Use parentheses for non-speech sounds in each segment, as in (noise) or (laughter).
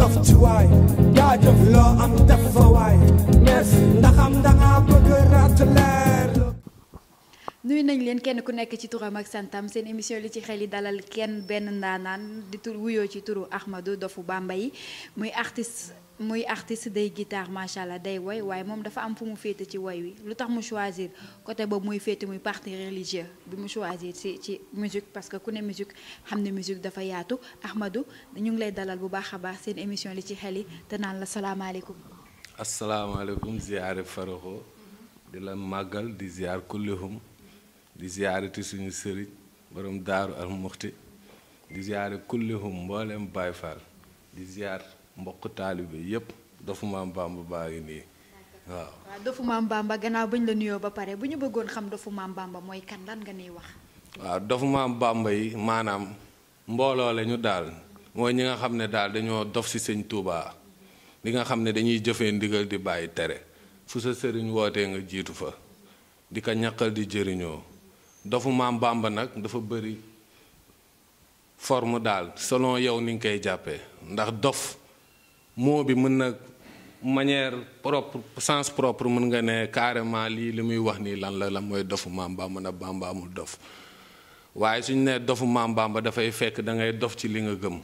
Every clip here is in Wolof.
dof nañ leen kenn ku nekk ci turam ak santam seen émission li ci xel yi dalal kenn benn ndaanaan di tur wuyoo ci turu Ahmadou Dofu Bamba yi muy artiste muy artiste day guitar macha allah day woy waaye moom dafa am fu mu féete ci woy wi lu mu choisir côté boobu muy féete muy partie religieux bi mu choisir ci ci musique parce que ku ne musique xam musique dafa yaatu Ahmadou ñu ngi lay dalal bu baax baax seen émission li ci xel te naan la salaamaaleykum. asalaamaaleykum ziare Faroxo di la màggal di ziar kullihum di ziareti suñu sëriñ borom daaru al muxti di ziare kullihum mboolem Baye di ziar. mbokk taalibe yépp dafa maam Bamba baa ngi nii waaw. waaw dafa maam Bamba gannaaw bañ la nuyoo ba pare bu ñu bëggoon xam dafa maam Bamba mooy kan lan nga nuy wax. waaw dofu maam Bamba yi maanaam mbooloo lañu daal mooy ñi nga xam ne daal dañoo dof ci sëñ Touba li nga xam ne dañuy jëfee ndigal di bàyyi tere fu sa sëriñ wootee nga jiitu fa di ko ñaqal di jëriñoo dofu maam Bamba nag dafa bëri forme daal selon yow ni koy jàppee ndax dof. moo bi mën na manière propre sens propre mën nga ne carrément lii li muy wax nii lan la la mooy dofu maam Bamba na Bamba amul dof waaye suñu nee dofu maam Bamba dafay fekk da ngay dof ci li nga gëm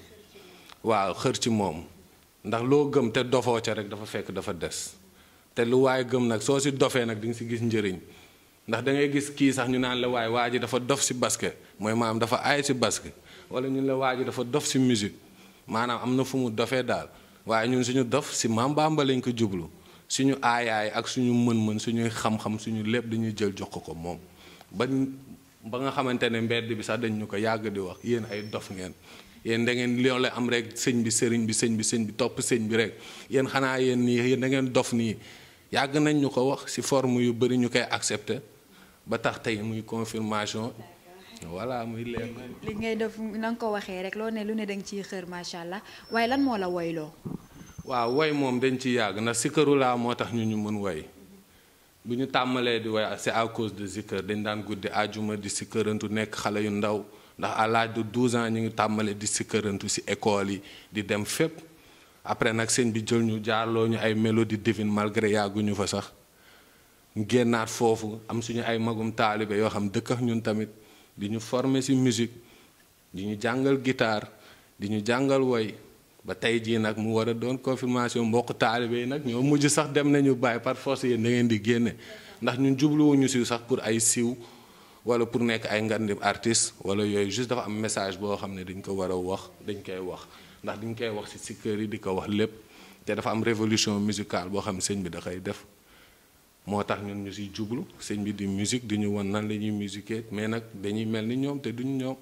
waaw xër ci moom ndax loo gëm te dofoo ca rek dafa fekk dafa des te lu waaye gëm nag soo si dofee nag di nga si gis njëriñ ndax dangay gis kii sax ñu naan la waaye waa ji dafa dof si basket mooy maam dafa aay si basket wala ñu la waa ji dafa dof si musique maanaam am na fu mu dofee daal. waaye ñun suñu dof si maam Bàmba lañ ko jublu suñu aayaay ak suñu mën-mën suñuy xam-xam suñu lépp dañuy jël jox ko ko moom ba ba nga xamante ne mbedd bi sax dañu ñu ko yàgg di wax yéen ay dof ngeen yéen da ngeen loolu am rek sëñ bi sëriñ bi sëñ bi sëñ bi topp sëñ bi rek yéen xanaa yéen nii yéen da ngeen dof nii yàgg nañ ñu ko wax si forme yu bëri ñu koy accepté ba tax tey muy confirmation voilà muy leer. li ngay def na ko waxee rek loo ne lu ne da nga xër macha allah waaye lan moo la woyloo. waaw woy moom dañ ci yàgg ndax sikaru laa moo tax ñu ñu mën woy bu ñu tàmmalee di woy c'est à cause de sikër dañ daan guddi ajuma di sikërantu nekk xale yu ndaw ndax à l'âge de 12 ñu ngi tàmmalee di sikërantu si école yi di dem fépp après nag sëñ bi jël ñu jaarloo ñu ay mélodie divine malgré yàgguñu fa sax génnaat foofu am suñu ay magum taalibe yoo xam dëkk ak ñun tamit di ñu former ci musique di ñu jàngal gitaar di ñu jàngal woy ba tey jii nag mu war a doon confirmation mbokk taalibe yi nag ñoo mujj sax dem nañu bàyyi par force yéen da ngeen di génne ndax ñu jubluwuñu ci sax pour ay siiw wala pour nekk ay ngandi artiste wala yooyu juste dafa am message boo xam ne dañ ko war a wax dañ koy wax ndax dañ koy wax ci ci yi di ko wax lépp te dafa am révolution musicale boo xam ne sëñ bi da def moo tax ñun ñu siy jublu sëñ bi di musique di ñu wan nan la ñuy musiquer mais nag dañuy mel ni ñoom te duñ ñoom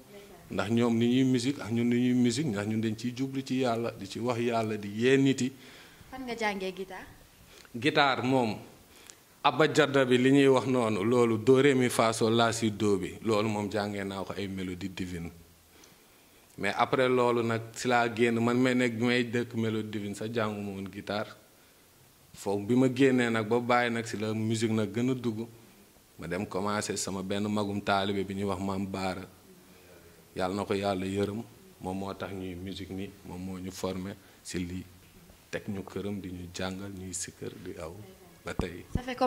ndax ñoom ni ñuy musique ak ñun ni ñuy musique ndax ñun dañ ciy jublu ci yàlla di ci wax yàlla di yee nit yi fan nga jàngee guitare guitare moom abba jadda bi li ñuy wax noonu loolu dóore mi faaso laa si doo bi loolu moom jàngee naa ko ay mélodie divine mais après loolu nag si laa génn man may nekk may dëkk mélodie divine sa jànguma woon guitare foofu bi ma génnee nag ba bàyyi nag si la musique nag gën a dugg ma dem commencé sama benn magum taalibe bi ñuy wax maam baara yàlla na ko yàlla yërëm moom moo tax ñuy musique ni moom moo ñu forme si lii teg ñu këram di ñu jàngal ñuy sikkër di aw ba tey. ça fait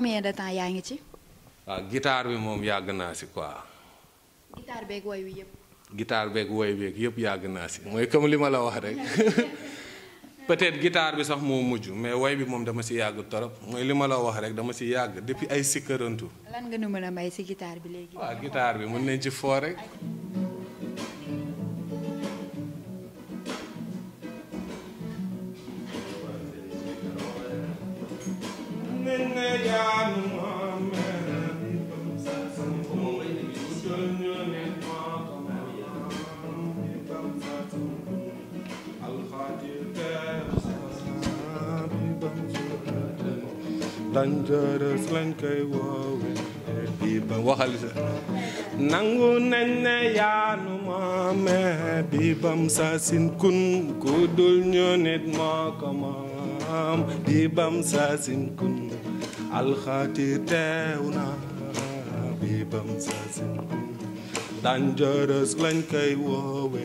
ah, bi moom yàgg naa si quoi. guitare beeg woy bi yëpp. guitare beeg woy beeg yëpp yàgg naa si mooy comme li ma la wax rek. (laughs) peut-être guitare bi sax moo mujj mais way bi moom dama si yàgg torop mooy li ma la wax rek dama si yàgg depuis ay sikkarantu. lan nga nu mën a may si guitare bi léegi. waaw guitare bi mën nañ ci foo rek. dangereux lañ koy woowe biiba waxal sa nangu nañ ne yaanu moome biibam sa ku dul ñu nit moo ko moom biibam sa sin kun alxaati teew na biibam koy woowe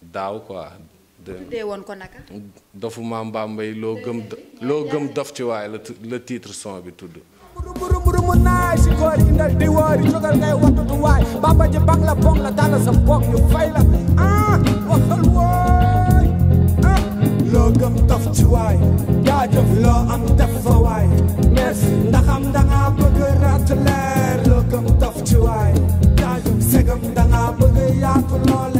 daaw ko tuddee woon ko naka. dofu maam Mbambey loo gëm loo gëm dof ci waay la le titre son bi tudd. naay si koor yi ndal di woori jógal ngay wattudu waay baba ji bang la bong la dala sa boog ñu fay la ah waxal waay ah, loo gëm dof ci waay jaajëf loo am def fa waay merci ndaxam dangaa bëgg rat leer loo gëm dof ci waay jaajëf segam dangaa bëgg yaatu loole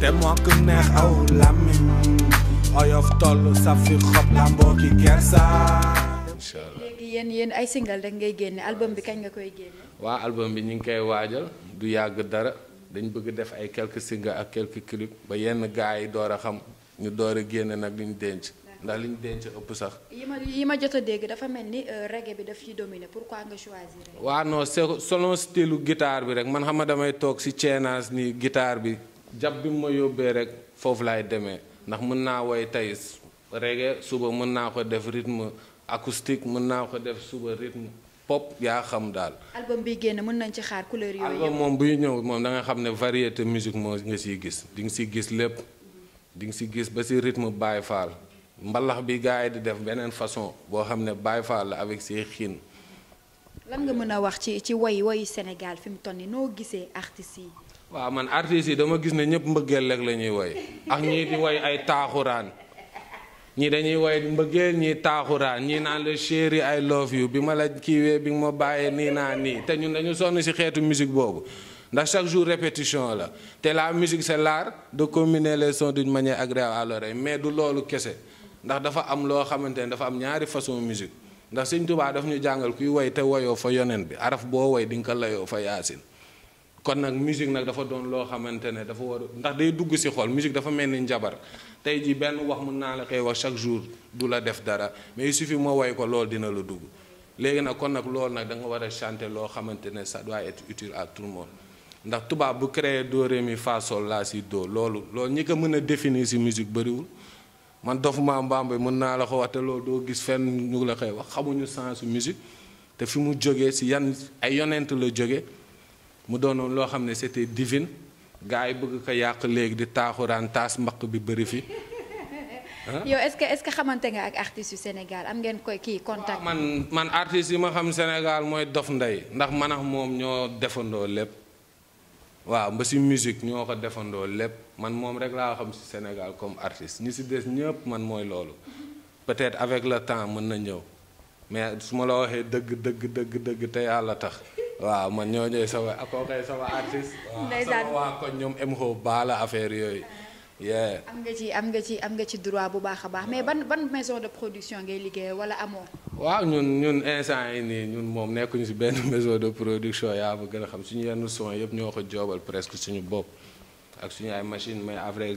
te mokk neex aw làmmiñ oyof tollu saf xob làmboo ki kersa allah léegi yéen yéen ay single rek ngay génne album bi kañ nga koy génne. waa album bi ñu ngi koy waajal du yàgg dara dañ bëgg def ay quelques singles ak quelques clips ba yenn gars yi door a xam ñu door a génne nag li ñu denc. ndax li ñu denc ëpp sax. yi ma jot a dégg dafa mel ni euh, reggae bi daf ci dominer pourquoi nga choisir. waa non c'est selon style bi rek man xam nga damay toog ci ceenaas ni bi. jàpp bi mu ma yóbbee rek foofu laay demee ndax mën naa woy tey reggae suba mën naa ko def rythme acoustique mën naa ko def suba rythme pop yaa xam daal. album bi génn mën nañ ci xaar couleur yooyu. album moom buy ñëw moom da nga xam ne variété musique moo nga siy gis di nga siy gis lépp di nga si gis ba si rythme Baye Fall mbalax bi gars yi di def beneen façon boo xam ne Baye Fall la avec ses xiin. lan nga mën a wax ci ci woy woyu Sénégal fi mu toll noo gisee artistes yi. waaw man artistes yi dama gis ne ñëpp mbëggeel rek la ñuy woy ak ñii di woy ay taaxuraan ñii dañuy woy mbëggeel ñii taaxuraan ñii naan la chéri I love you bi ma la kiiwee bi ma bàyyee nii naa nii te ñun dañu sonn ci xeetu musique boobu ndax chaque jour répétition la te la musique c'est l'art de combiner les sons d'une manière agréable à mais du loolu kese ndax dafa am loo xamante ne dafa am ñaari façon musique ndax Sëñ Tuubaa daf ñu jàngal kuy woy te woyoo fa bi araf boo woy di nga ko layoo kon nag musique nag dafa doon loo xamante ne dafa war ndax day dugg ci xol musique dafa mel ni njabar tey jii benn wax mun naa la koy wax chaque jour du la def dara mais su fi ma woy ko loolu dina la dugg léegi nag kon nag loolu nag da nga war a chanter loo xamante ne ça doit être utile à tout ndax tubaab bu créé do ré laa si do loolu loolu ñi ko mën a définir ci musique bëriwul man dof mbaam bi mën naa la ko wax te loolu doo gis fenn ñu la koy wax xamuñu sens musique te fi mu jógee si yan ay yonent la jóge mu doonoon loo xam ne c'était divine gars yi bëgg ko yàq léegi di taaxuraan taas mbaq bi bëri fi. yow est-ce que est-ce que xamante nga ak artistes yu Sénégal am ngeen koy kii contact. man man artistes yi ma xam Sénégal mooy Dof Ndey ndax man ak moom ñoo defandoo lépp waaw ba si ñoo ko defandoo lépp man moom rek laa xam si Sénégal comme artiste ñi si des ñëpp man mooy loolu peut-être avec le temps mën na ñëw mais su ma la waxee dëgg dëgg dëgg dëgg te yàlla tax. waaw man ñoo ñooy sama akookoy sama artiste. ndeysaan sama waa koñ ñoom MHO baala affaire yooyu. yeah am nga ci am nga ci am nga ci droit bu baax a baax mais ban ban maison de production ngay liggéey wala amoo. waaw ñun ñun instant yi nii ñun moom nekkuñu si benn (laughs) maison de production yaa ma gën a xam suñu yenn son yëpp ñoo ko joobal presque suñu bopp ak suñu ay machine mais après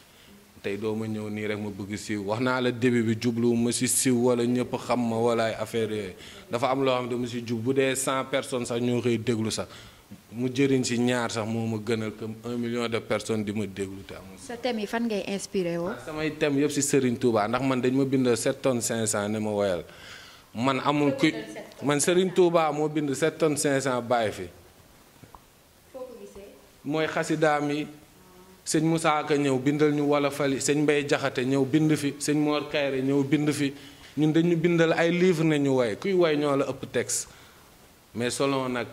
tey doo ma ñëw nii rek ma bëgg siiw wax naa la début bi jublu ma si siiw wala ñëpp xam ma wala ay affaire yooyu dafa am loo xam de mu si jub bu dee cent personne sax ñoo koy déglu sax mu jëriñ si ñaar sax moo ma gënal comme un million de personne di ma déglu te amul. sa thème yi fan ngay inspiré woo. Ah, samay thème yëpp si Serigne Touba ndax man dañ ma bind sept tonnes cinq cent ne ma woyal man amul ku man Serigne Touba moo bind sept tonnes cinq cent baay fi. foo sëñ Moussa Ka ñëw bindal ñu wala fali sëñ Mbay Jaxate ñëw bind fi sëñ Moor Kayre ñëw bind fi ñun dañu bindal ay livre ne ñu way kuy way ñoo la ëpp texte mais solon nag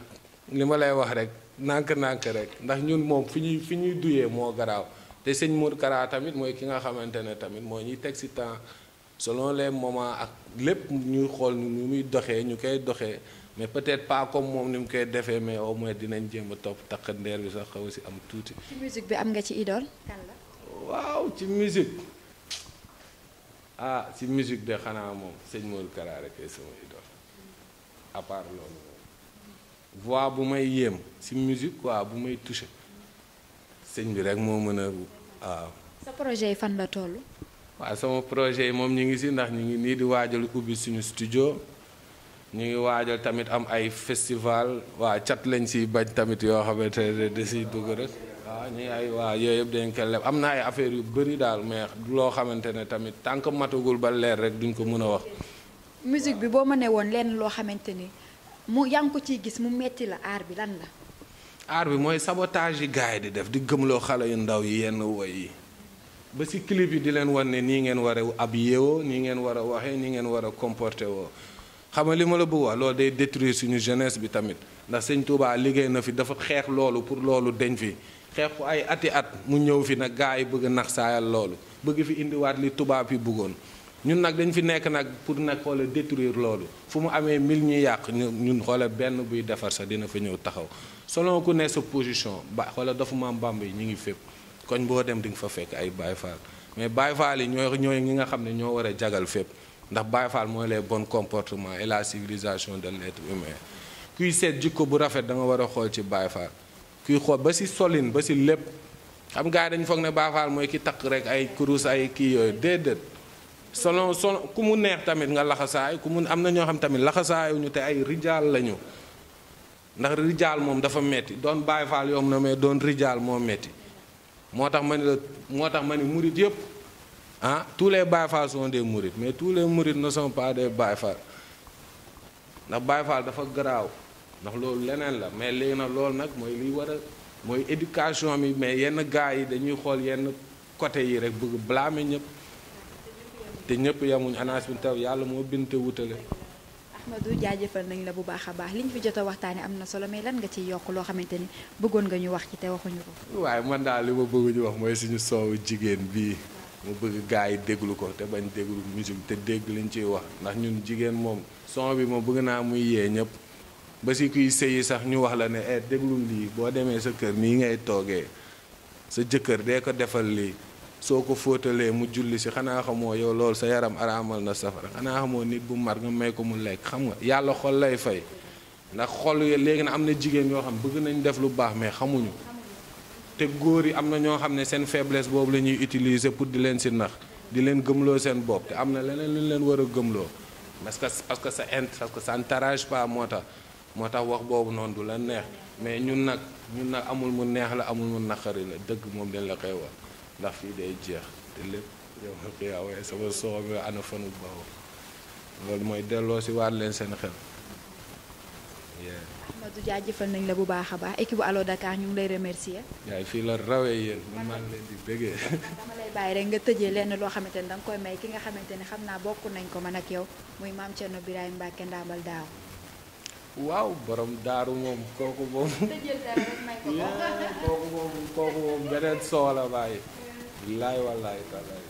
li ma lay wax rek nànk-nànk rek ndax ñun moom fi ñuy fi ñuy duyee moo garaaw te sëñ Mour Kara tamit mooy ki nga xamante ne tamit moo ñuy teg si temps solon leen moments ak lépp ñuy xool ñu muy doxee ñu koy doxee mais peut-être pas comme moom ni mu koy defee mais au moins dinañ jéem a topp takk ndeer bi sax xaw si am tuuti. ci musique bi am nga ci idole. kan waaw ci musique ah ci musique de xanaa moom sëñ Modou Kara rek ay sama idole à loolu moom voix bu may yéem si musique quoi bu may touché sëñ bi rek moo mën a waaw. sa projet yi fan la toll. waaw sama projet yi moom ñu ngi si ndax ñu ngi nii di waajal ubbi suñu studio. ñu ngi waajal tamit am ay festival waa cat lañ si bañ tamit yoo xamante ne da siy dugg rek waaw ñu ay waa yooyu yëpp dañ koy am na ay affaires yu bëri daal mais loo xamante ne tamit tant que matagul ba leer rek duñ ko mën a wax. musique bi boo ma ne woon lenn loo xamante ni mu yaa ngi ko ciy gis mu metti la aar bi lan la. aar bi mooy sabotage yi gars yi di def di gëmloo xale yu ndaw yi yenn woy yi ba si clip yi di leen wan ne nii ngeen war a ab yeewoo nii ngeen war a waxee nii ngeen war a comporté woo. xam nga li ma la bëgg wax loolu day détruire suñu jeunesse bi tamit ndax sëñ Touba liggéey na fi dafa xeex loolu pour loolu deñ fi xeex ko ay ati at mu ñëw fi nag gars yi bëgg a nax saayal loolu bëgg fi indiwaat li tubaab yi bëggoon ñun nag dañ fi nekk nag pour nag xoola détruire loolu fu mu amee mille ñuy yàq ñun xoola benn buy defar sax dina fa ñëw taxaw solo ko ne sa position ba xoola dafa maam mbamb yi ñu ngi fépp koñ boo dem di nga fa fekk ay baay Fall mais Baye Fall yi ñoo ñooy ñi nga xam ne ñoo war a jagal fépp ndax Baye Fall mooy les bons comportement et la civilisation de l'être humain kuy seet jikko bu rafet da war a xool ci Baye Fall kuy xool ba si solin ba si lépp xam gars yi dañu foog ne Baye Fall mooy ki takk rek ay kurus ay kii yooyu déedéet solo selon ku mu neex tamit nga laxasaay ku mu am na ñoo xam tamit laxasaayuñu te ay rijaal lañu ndax rijaal moom dafa metti doon Baye Fall yomb na mais doon rijaal moo metti moo tax ma ne moo tax ma ne muri yëpp. ah tous les Baye Fall des mourides mais tous les mourides ne sont pas des Baye Fall ndax Baye Fall dafa garaaw ndax loolu leneen la mais léegi na lool nag mooy liy war a mooy éducation bi mais yenn gars yi dañuy xool yenn côté yi rek bëgg blâmer ñëpp te ñëpp yamuñ anaas bi taw yàlla moo binte wutale Ahmadou jaajëfal nañ la bu baax a baax li ñu fi jot a waxtaanee am na solo mais lan nga ci yokk loo xamante ni bëggoon nga ñu wax ci te waxuñu ko. waaye man daal li ma bëgg ñu wax mooy suñu soowu jigéen bii. mu bëgg gars yi déglu ko te bañ déglu musique te dégg liñ ciy wax ndax ñun jigéen moom son bi moom bëgg naa muy yee ñëpp ba si kuy sëyi sax ñu wax la ne eh déglul lii boo demee sa kër nii ngay toogee sa jëkkër dee ko defal lii soo ko fóotalee mu julli si xanaa xamoo yow loolu sa yaram araamal na safara xanaa xamoo nit bu mar nga may ko mu lekk xam nga yàlla xol lay fay ndax xol léegi na am na jigéen yoo xam bëgg nañu def lu baax mais xamuñu te góor amna am na ñoo xam ne seen faiblesse bobu lañuy utiliser pour di leen si nax di leen gëmloo seen bopp te amna leneen lu ñu leen war gëmloo parce que parce que ça int parce que ça n'encourage pas moo tax wax bobu non du la neex mais ñun nak ñun nak amul mu neex la amul mu naqari la deug moom dañ la koy wax ndax fi day jeex te lepp yow ma xiyaawee sama soxna ana fanu baaw lol moy delo ci waat leen seen xel. Amadou jaajëfal nañ la bu baax a baax équipe bu Allo Dakar ñu ngi lay remercier. yaay fii la rawee yéen man maa leen di bëggee. (laughs) dama lay bàyyi rek nga tëjee lenn loo xamante ne danga koy may ki nga xamante ne xam naa bokk nañ ko mën ak yow muy maam Thierno Birahim Mbacke Ndambal daaw. waaw borom daaru moom kooku moom. (laughs) tëjee dara rek (laughs) kooku moom kooku moom beneen bàyyi. bilaay wallaay talaay.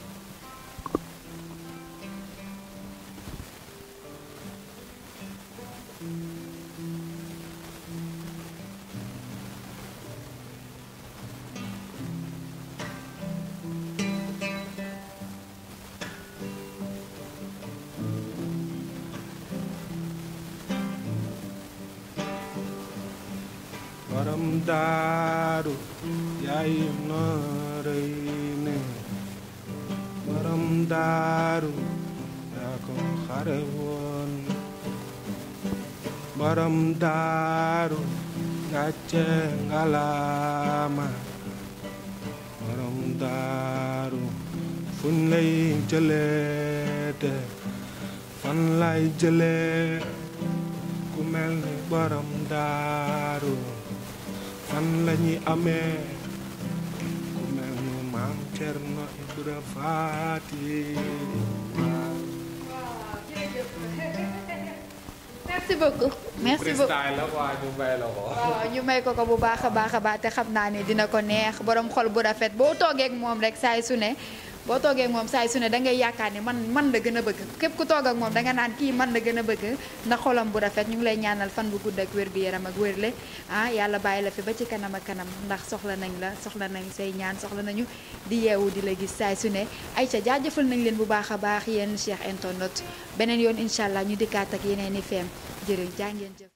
daaru yaayam nooray ne borom daaru yaa ko xare woon borom daaru gàcce ngalaama borom daaru fuñ lay jëleete fan lay jëlee fan la ñuy amee ku mel ni maam Cerno Ibra Faati merci waaw ñu may ko ko bu baax a baax a baax te xam naa ni dina ko neex boroom xol bu rafet boo toogee moom rek saay su ne boo toogee moom saay su ne da ngay yaakaar ne man man la gën a bëgg képp ku toog ak moom da naan kii man la gën a bëgg ndax xolam bu rafet ñu ngi lay ñaanal fan bu gudd ak wér gu yaram ak wérle ah yàlla bàyyi la fi ba ci kanam ak kanam ndax soxla nañ la soxla nañu say ñaan soxla nañu di yeewu di la gis saay su ne ay ca jaajëfal nañ leen bu baax a baax yéen Cheikh Internet beneen yoon incha allah ñu dikkaat ak yeneen i feem jërë jaa ngeen jëf